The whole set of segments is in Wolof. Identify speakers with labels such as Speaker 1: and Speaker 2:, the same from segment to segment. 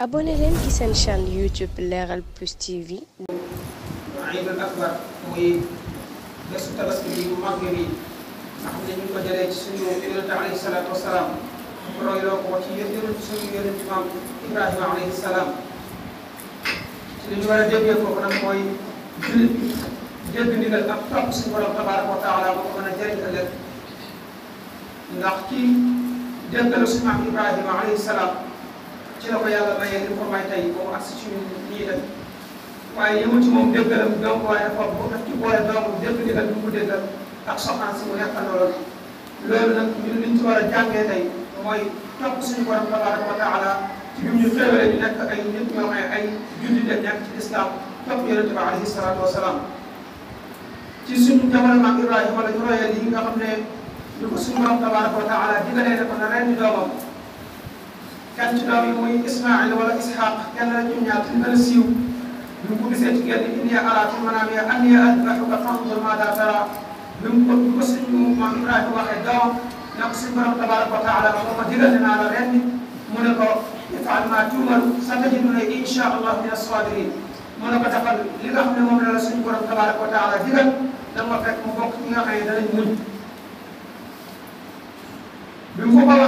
Speaker 1: abonné leen ci seen chaîne YouTube Leral Plus TV.
Speaker 2: ayibal akbar muy bésu tabaski bi mu màgg bi nga xam ne ñu ngi ko jëlee ci suñu yonente alayhi salaatu wasalaam royloo ko ci yonente suñu yonente maam Ibrahima alayhi salaam ci li ñu war a déggee foofu nag mooy dégg ndigal ak topp suñu borom tabaraka wa taala moo ko mën a jëriñ ëllëg ndax ci déggalu suñu maam Ibrahima alayhi salaam. ci la ko yàlla mayee li ko may tey ba mu agsi ci ñun ñii def waaye yëngu ci moom déggalam donc waaye xool bu daf ci boole doomu dégg ndigal bu ko déggal ak soxna si mu nekkandoo la loolu nag ñun liñ ci war a jàngee tey mooy topp suñu borom tabaraka wa taala ci bi ñu xéwalee ñu nekk ay nit ñoo ay ay jullit dañ nekk ci islam topp yonente bi alayhi salaatu wasalaam ci suñu jamono maam Ibrahima la ñu royal yi nga xam ne lu ko suñu borom tabaraka wa taala digalee ne ko na ren ñu doomam كان جنابي موي إسماعيل ولا إسحاق كان رجل ياتي بلسيو من كل سجد إني على كل منامي أني أذبحك فانظر ماذا ترى من كل مسلم من رأي واحد دوم نقصد برم تبارك وتعالى وما جلدنا على رأيه منك يفعل ما تؤمر ستجدون إن شاء الله من الصادرين منك تقل لغم من رسول برم تبارك وتعالى جلد لما فك مبوك خير لن يمد بمكو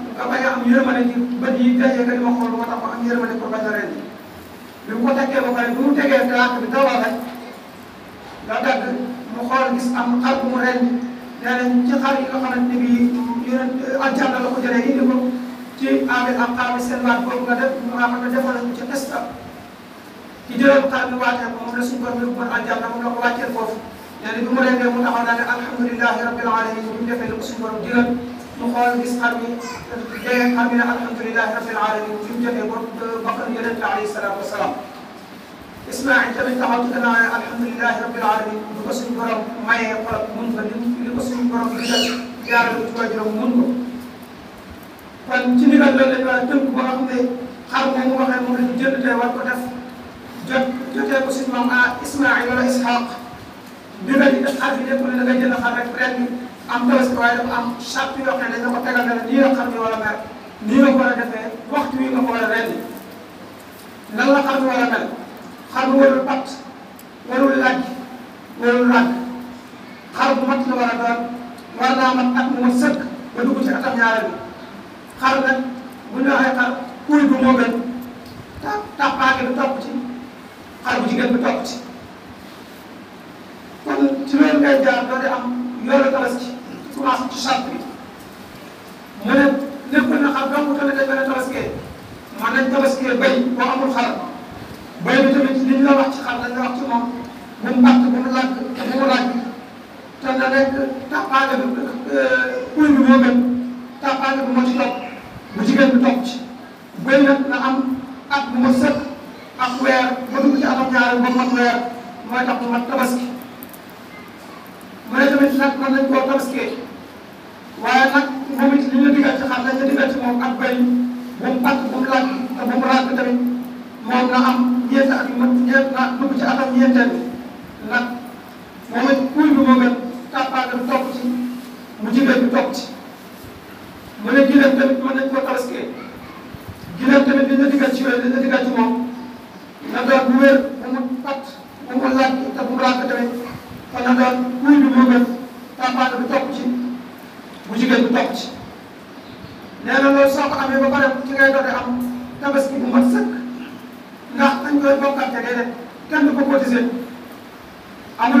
Speaker 2: damay am yërmande ci bët yi daje nga di ma xool moo tax ma am yërmande pour bañ a rey bi mu ko tekkee ba pare bu mu tegee tànk bi dawal rek nga dagg mu xool gis am xar bu mu rey nee nañ ci xar yi nga xamante ni bii yonent aljanna la ko jëlee indi ko ci aabi ak aabi seen baat boobu nga def mu am nga defal ko ci test ci juróom xar bi waatee ko moom la suñu borom yóbbu woon aljanna moom la ko wàcceel foofu nee na bi mu rendee mu taxaw naa ne alhamdulilahi rabbil alamin bu ñu defee li ko suñu borom digal xool gis xar mi dee xar mi ne alhamdulilah rabbil alamin fi mu jógee ba bakkan yonent alayhi salaatu wa salaam Ismaïl tamit taxaw ci gannaaw ne alhamdulilah rabbil alamin du ko suñu borom mayee xolam mun ko li li ko suñu borom digal jaarale ko ci waajuram mun ko. kon ci ndigal loolu lañ war a tënk boo xam ne xar moomu waxee moom la ñu jënd tey war ko def jot jotee ko suñu maam ah Ismaïl wala Ishaq dinañ def xar bi def mu ne dangay jënd xar rek ren bi am tabaski waaye dafa am sàpp yoo xam ne dañ la ko tegal ne la nii la xar bi war a mel nii la ko war a defee waxtu wi nga ko war a rendi lan la xar bi war a mel xar bu warul pat warul lajj warul làkk xar bu mat la war a doon war naa mat at mu sëkk ba dugg ci atam ñaareel bi xar nag bu ñu waxee xar kuy bu moo gën ta tappaake bi topp ci xar bu jigéen bi topp ci kon ci loolu ngay jaar doo di am yore tabaski commencé ci charte bi mu ne lépp na xam donc tamit dañ mën a tabaskee mën nañ tabaskee bay boo amul xar bay bi tamit li ñu la wax ci xar dañ la wax ci moom bu mu bàq bu mu làkk mu ràññ te da nekk tàppaale euh, bi na am at bu ma sëkk ak weer ba dugg ci atam ñaareel ba mat weer mooy tabaski nag mën nañ koo tabaskee waaye nag moom it li ñu la digal ci xar lañ la digal ci moom ak bay bu mu pàcc bu mu làkk te bu mu ràkk tamit moom na am ñeenti at yu mat ñeent na dugg ci atam ñeenteel nag moom it kuy bi moo gën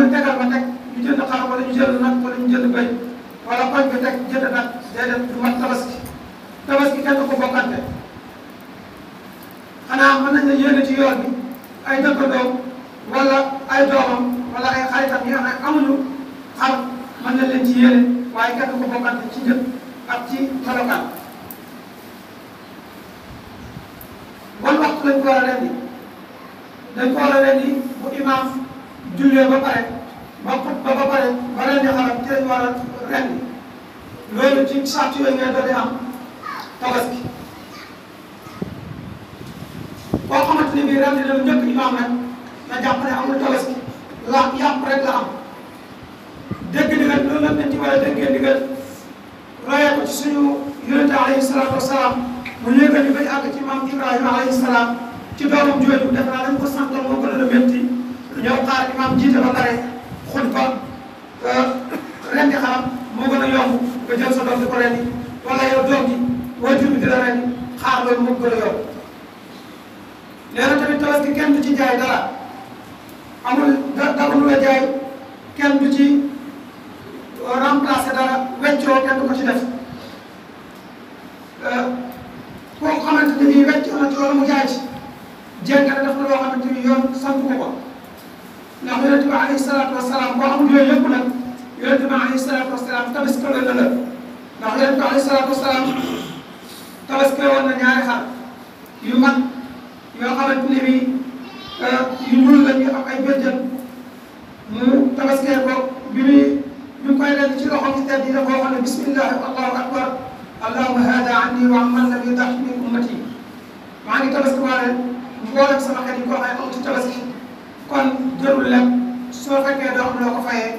Speaker 2: ñu tegal ba teg ñu jënd xar wala ñu jënd nag wala ñu jënd béy wala koñ bi teg jënd nag déedéet du mat tabaski tabaski kenn ko bokkante xanaa mën nañ la yéene ci yoon bi ay dëkkandoom wala ay doomam wala ay xaritam yi nga xam ne amuñu xar mën na leen ci yéene waaye kenn ko bokkante ci njëkk ak ci melokaan bon waxtu lañ ko war a rendi dañ ko war a rendi bu imaam jullee ba pare ba ba ba pare ba leen di xaram ci lañ war a ren loolu ci sart yooyu ngeen doon di am tabaski boo xamante ni bii ren di dem njëkk imaam nag na jàpp ne amul tabaski la yàpp rek la am dégg ndigal loolu nag nañ ci war a déggee ndigal royee ko ci suñu yonente alayhi salaatu wasalaam mu ñëw ñu bañ àgg ci maam Ibrahima alayhi salaam ci doomam jooju def naa dañ ko sant moo gën a métti ñëw xaar imam jiite ba pare xutba rendi xaram moo gën a yomb nga jël sa doom di ko rendi wala yow doom ji wajur bi di la rendi xaar loolu moo gën a yomb nee na tamit tabaski kenn du ci jaay dara amul dara lu la jaay kenn du ci euh, remplacer dara weccoo kenn du ko def euh, koo xamante ne bii weccoo na ci wala mu jaay ci jénga ne def na loo xamante ni yoon sant ko ko ndax yonente bi alayhi salaatu wasalaam boo amul yooyu yëpp nag yonente bi alayhi salaatu wasalaam tabaski la la ndax yonente bi alayhi salaatu wasalaam tabaski woon na ñaari xar yu mag yoo xamante ne bi yu ñuul la ñu am ay bëjjën mu tabaskee ko bi muy bi koy leen ci loxo ci tedd yi dafa waxoon ne bismillahi allahu akbar allahuma hada anni wa amman lam yudax min ummati maa ngi tabaski waale mboolem sama xel yi ko xam ne amul ci tabaski kon jërul leb soo fekkee doo xam loo ko fayee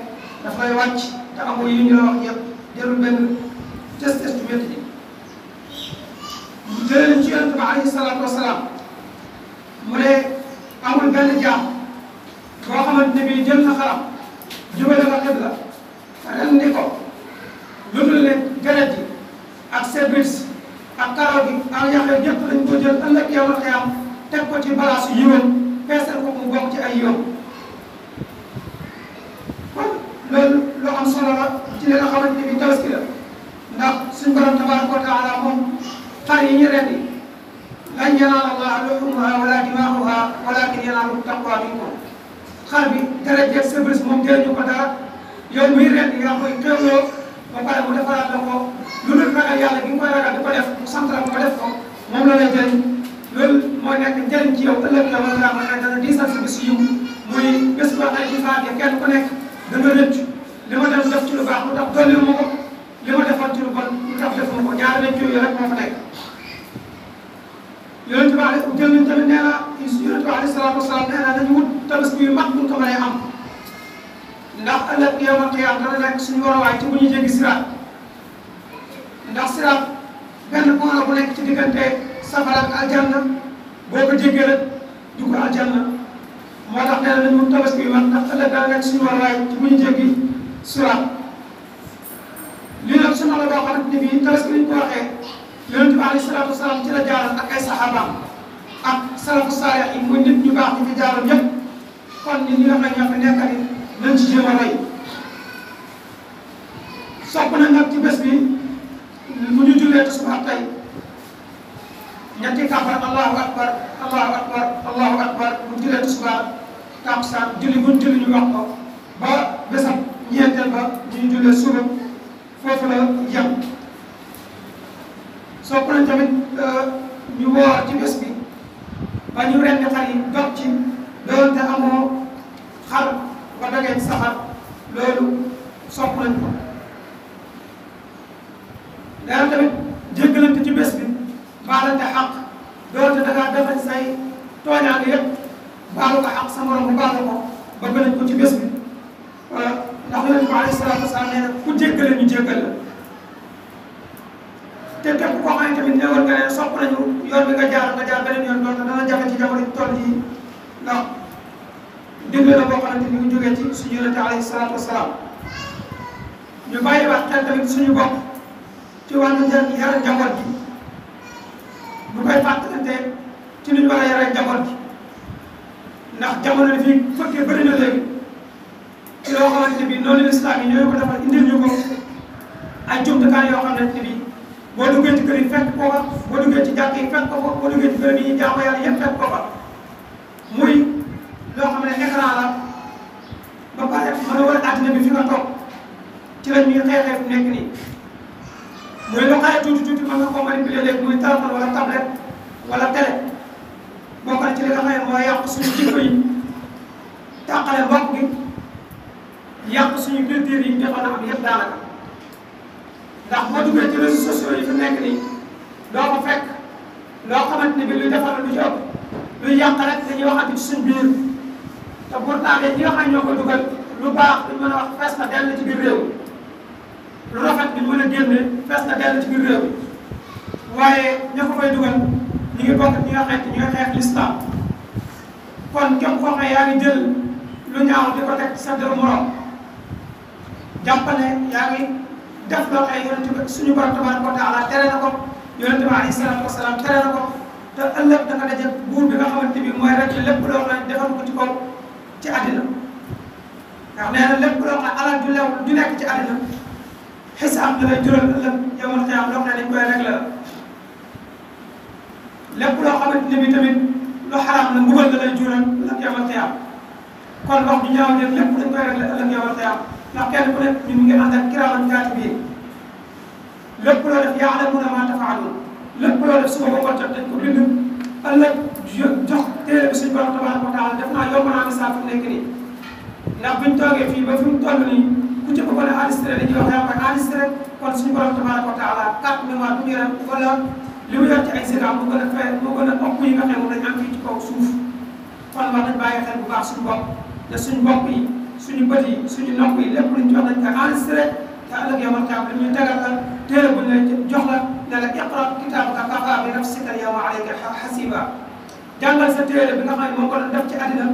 Speaker 2: daf lay wàcc te amul yi ñu la wax benn test test bu métti ji ci yonent ba alayhi salaatu wasalaam mu ne amul benn jaam boo xamante ne bii jël na xaram jubale na xibla ren ni ko lu dul ne geret yi ak service ak karaw gi ak yàq yëpp dañ ko jël ëllëg yow la xiyam teg ko ci balaasu yiwén peesal ko mu bokk ci ay yoon ragal yàlla bi nga koy ragal di ko def sant la ko def ko moom la lay jëriñ loolu mooy nekk njëriñ ci yow ëllëg la wala daa mën a dana diisal sa bés yiw muy bés ba ay jifaat ya kenn ku nekk da nga rëcc li ma dem def ci lu baax lu tax dolli ma ko li ma defoon ci lu bon lu tax def ma ko ñaari nañ ci rek moo fa nekk yonent bi ale jël nañ tamit nee na yonent bi alayhi salaatu wasalaam nee na dañu wut tabaski yu mag buñ ko mënee am ndax ëllëg yow ma xiyaam dana nekk suñu war a waay ci bu ñu jéggi siraat ndax siraat benn boora bu nekk ci diggante safara ak aljanna boo ko jéggee rek dugg aljanna moo tax nee na mun tabaski man ndax ëllëg daa nekk suñu waraay ci bu ñu jéggi siraat lii nag sunna la boo xamante ni bii tabaski ñu ko waxee yonente bi alayhi salaatu wasalaam ci la jaaral ak ay saxaabaam ak salafu saalix yi muy nit ñu baax ñëpp kon xam ne ñoo fi nañ ci jéem a sopp na nag ci bés bi bu ñu jullee tisbaar tey ñetti kàmbar allahu akbar allahu akbar allahu akbar bu jullee tisbaar tàmsaan julli bu ñu julli ñu wax ko ba besam ñeenteel ba ñu jullee suba foofu la yem soo paree tamit ñu eh, woor ci bés bi ba ñu rendi xar yi dox ci doonte amoo xar ba dagee saxar loolu sopp nañ ko dana tamit jéggalante ci bés bi baalante xaq doonte dangaa defal say tooñaange yëpp baalu ko xaq sa morom bu baal ko ba gënañ ko ci bés bi ndax yonent bi alayhi salaatu wasalaam nee na ku jéggale ñu jéggal la te képp koo xam ne tamit ne war nga ne sopp nañu yoon bi nga jaar nga jaar beneen yoon doonte dana jafe ci jamono toll yi ndax digle la boo xamante ni mu jógee ci suñu yonent alayhi salaatu wasalaam ñu bàyyi wax xel tamit suñu bopp ci wàllu njëriñ yore njaboot gi ñu koy fàttalante ci li ñu war a ji ndax jamono bi fii fëkkee bëri na ci loo xamante bi noonu lislaam yi ñooy ko defal indil ñu ko ay jumtukaay yoo xamante bi boo duggee ci kër yi fekk ko fa boo duggee ci jàkk yi fekk ko fa boo duggee ci kër yi jaamu yàlla muy loo ne écran la ba pare mën a war a àddina bi fi nga toog ci lañ ñuy xeexee nekk nii muy lu xaay tuuti tuuti mën nga ko manipuler léegi muy téléphone wala tablette wala télé bokk na ci li nga xam ne mooy yàq suñu jikko yi tàqale mbokk gi yàq suñu culture yi ñu defoon na am yëpp daanaka ndax boo duggee ci réseaux sociaux yi fi nekk loo ko fekk loo xamante ni bi luy defar lu ci ëpp luy yàq rek dañuy waxante ci suñu biir te pourtant dañ ñi nga xam ñoo ko dugal lu baax duñ mën a wax fees na dell ci biir réew lu rafet bi mën a génne fees na dell ci biir réew mi waaye ña ko fay dugal ñu ngi bokk ñi nga xeex ñi nga xeex kon képp koo xam yaa ngi jël lu ñaaw di ko teg sa dër morom jàppale yaa ngi def loolu ay yonente bi suñu borom tabaraka wa taala tere na ko yonente bi alayhi salaatu wasalaam tere na ko te ëllëg da nga daje buur bi nga xamante bi mooy rek lépp loo xam ne defal ko ci kaw ci àddina ndax nee na lépp loo xam ne alal ju lew nekk ci àddina حساب لا يجرى لهم يوم القيامة لهم نادي كوي نقلا لب لا قام النبي تمين لا حرام لا مقبل لا يجرى لهم يوم القيامة كل ما في جاهم يوم لب لا كوي نقلا لهم يوم القيامة لا كان كل من من عند كرام من جات بيه لب لا في عالم من ما تفعلون لب لا في سوى ما تجت كلهم الله جه تير بس يبغى تبارك وتعالى دفنا يوم ما نسافر نكني نبنتوا نعم، في بفهم تاني ku ca bëggoon a enregistré dañuy wax yàlla ak enregistré kon suñu borom tabaaraka wa taala carte mémoire bu mu yore wala li mu yor ci ay séquence mu gën a fay mu gën a ëpp yi nga xam moom dañu am fii ci kaw suuf kon war nañ bàyyi xel bu baax suñu bopp te suñu bopp yi suñu bët yi suñu nopp yi lépp luñ jox dañ ko enregistré te ëllëg yomal taam li ñu tegal la téere bu ñu la jox la ne la iqra kitaabaka kafaa bi nafsika al-yawma alayka hasiiba jàngal sa téere bi nga xam ne moom ko doon def ci àddina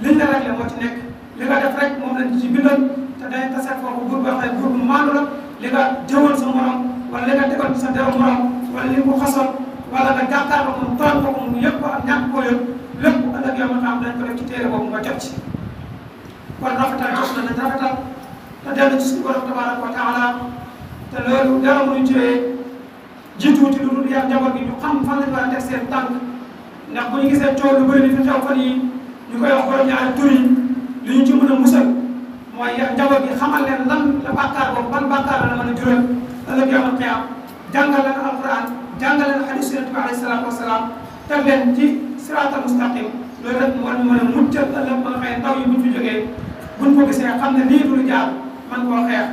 Speaker 2: liñ la rek la moo ci nekk li nga def rek moom lañ ci bindal te day taseet foofu buur boo xam ne buur bu maandu la li nga jëwoon sa morom wala li nga tegoon sa deru morom wala li mu xasoon wala nga jàkkaar ko mu tooñ ko mu yëpp ko ak ñàkk koo yëpp lépp bu ëllëg yow ma xam dañ ko def ci téere boobu nga jot ci kon rafetal jot na nañ rafetal te dellu ci suñu borom tabaraka wa taala te loolu dara mu jiwee jiituwu ci lu dul yar njaboot gi ñu xam fan lañ war a teg seen tànk ndax bu ñu gisee coow lu bëri li fi xew fan yi ñu koy wax borom ñaari tur yi li ñu ci mën a musal mooy njaboot gi xamal leen lan la bàkkaar boobu ban bàkkaar la la mën a jural ëllëg yawmal qiyaam jàngal leen alquran jàngal leen hadiis yonent bi alayhi salaatu wasalaam teg leen ci siraatal mustaqim loolu rek war na mën a muccal ëllëg ba nga xëy ndaw yi buñ fi jógee buñ ko gisee xam ne lii du lu jaar man koo xeex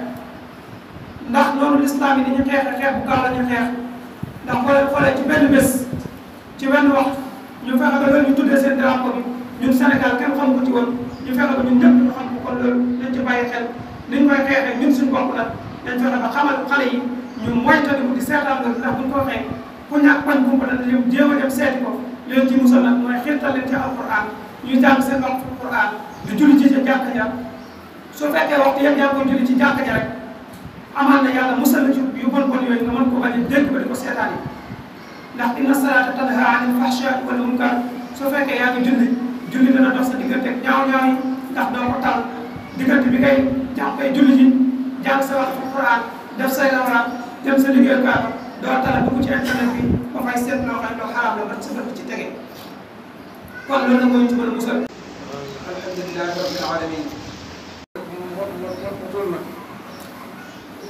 Speaker 2: ndax noonu lislaam yi dañu xeex xeex bu gaaw la ñu xeex ndax xoolee xoolee ci benn bés ci benn waxtu ñu fexe ba loolu ñu tuddee seen drapeau bi ñun Sénégal kenn xam ko ci woon ñu fexe ba ñun ñëpp kon loolu nañ ci bàyyi xel niñ koy xeexee ñun suñu bopp nag dañ fexe ba xamal xale yi ñu moytandiku di seetaan loolu ndax buñ ko waxee ku ñàkk bañ bu ko dana dem jéem a dem seeti ko leen ci musal nag mooy xiirtal leen ci alquran ñu jàng seen alquran di julli ci ca jàkka ja su fekkee waxtu yëpp yaa ngi koy julli ci jàkka ja rek amaan na yàlla musal na ci yu bon bon yooyu nga mën ko bañ a dégg ba di ko seetaan yi ndax inna salaata tanha anil fahshaa'i wal munkar su fekkee yaa ngi julli julli dana dox sa diggante ñaaw ñaaw yi ndax doo ko tal diggante bi ngay jàppee julli ji jàng sa waxtu Alxuraan def say lawraat dem sa liggéeyu kaaba doo tala dugg ci internet bi ba fay seet loo xam ne loo xaraam la ba sa bët ci tege kon loolu la ci mën a musal.
Speaker 1: alhamdulilah rabbil alamin. mot mot mot motul na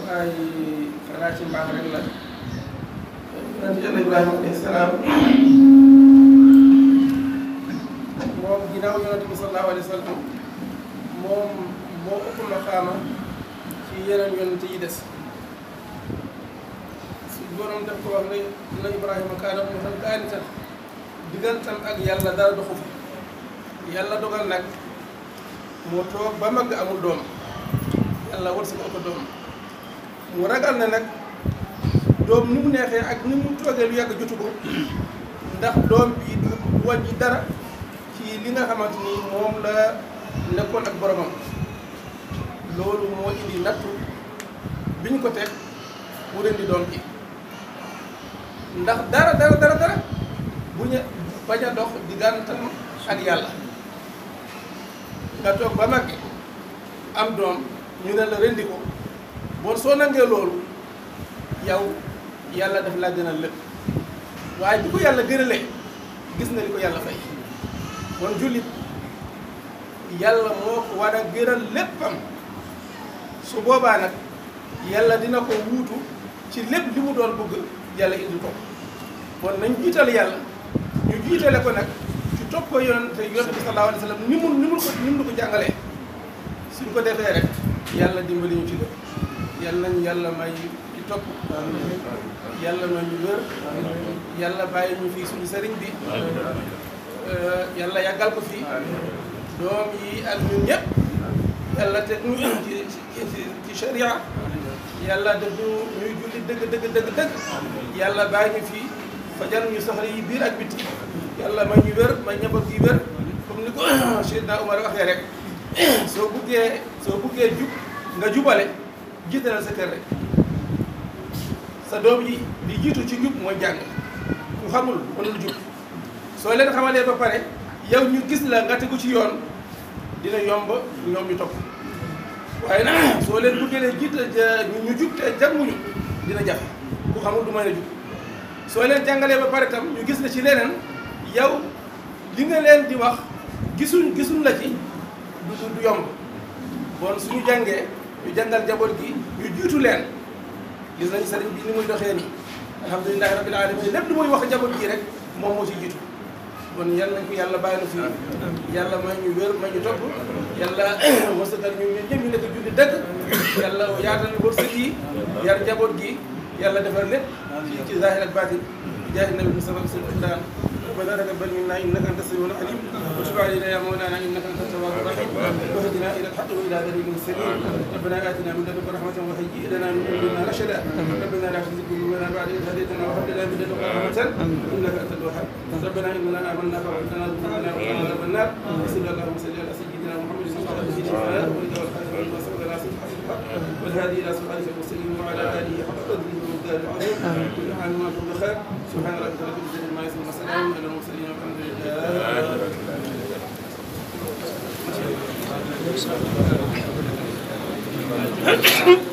Speaker 1: waaye xanaa ci mbaax rek la. yonent Yàlla Ibrahima alayhi salaam moom ginnaaw yonent bi sallallahu alayhi wa sallam moom. moo ëpp maqaama ci yeneen yonent yi des su borom def ko wax ne na Ibrahima kaana ummatan qaanitan diggantam ak yàlla dara doxu fa yàlla dogal nag moo toog ba mag amul doom yàlla war si ko doom mu ragal ne nag doom ni mu neexee ak ni mu toogee lu yàgg jotu ko ndax doom bi du wàññi dara ci li nga xamante ni moom la nekkoon ak boromam. loolu moo indi nattu bi ñu ko te mu leen di doon ndax dara dara dara bu ñu bañ a dox diggantam ak yàlla nga toog ba mag am doom ñu ne la rendi ko bon soo nangee loolu yow yàlla def laa gënal lépp waaye bi ko yàlla gënalee gis na li ko yàlla fay kon jullit yàlla moo war a gënal léppam su boobaa nag yàlla dina ko wuutu ci lépp li mu doon bëgg yàlla indi ko kon nañ jiital yàlla ñu jiitale ko nag ci topp ko yonent yonent bi sallallahu alayhi wa ni mu ni mu ko ni mu ko jàngalee suñ ko defee rek yàlla dimbali ñu ci def yàlla nañ yàlla may ci topp yàlla na ñu wér yàlla bàyyi ñu fii suñu sëriñ bi yàlla yàggal ko fii doom yi ak ñun ñëpp yàlla teg ñu ci ci ci sharia def ñu ñuy julli dëgg dëgg dëgg yàlla bàyyi ñu fii fajal ñu soxla yi biir ak biti yàlla may ñu wér may ñaboot yi wér comme ni ko Seydina Umar waxee rek soo buggee soo buggee jub nga jubale jiitalal sa kër rek sa doom yi di jiitu ci njub mooy jàng ku xamul mënul jub soo leen xamalee ba pare yow ñu gis la nga tegu ci yoon dina yomb ñoom ñu topp waaye nag soo leen bëggalee jiite ñu jub te jànguñu dina jafe ku xamul du mën a jub soo leen jàngalee ba pare tam ñu gis na ci leneen yow li nga leen di wax gisuñ gisuñ la ci du du yomb bon suñu jàngee ñu jàngal jaboot gi ñu jiitu leen gis nañu sëriñ bi ni muy doxee nii alhamdulilahi rabbil alamin lépp lu muy wax jaboot gi rek moom moo ci jiitu kon yal nañ ko yàlla bàyyi na fi yàlla may ñu wér may ñu topp yàlla wasatal ñu ñun ñëpp ñu nekk julli dëgg yàlla yaatal wërsëg yi yar njaboot gi yàlla defar lépp ci zaahir ak baatin jaahi nabi Mustafa sallallahu alayhi wa ربنا تقبل منا انك انت السميع العليم وتب علينا يا مولانا انك انت التواب الرحيم واهدنا الى الحق والى دليل مستقيم ربنا اتنا من لدنك رحمه وهيئ لنا من امرنا رشدا ربنا لا تزغ قلوبنا بعد اذ هديتنا وهب لنا من لدنك رحمه انك انت الوهاب ربنا اننا امنا فاغفر لنا ذنوبنا وقنا عذاب النار وصلى اللهم وسلم على سيدنا محمد صلى الله عليه وسلم والهادي الى صراطك المستقيم وعلى اله حق قدره ومقداره العظيم كل عام وانتم بخير سبحان ربك رب العزه والسلام على المرسلين والحمد
Speaker 2: لله Thank you.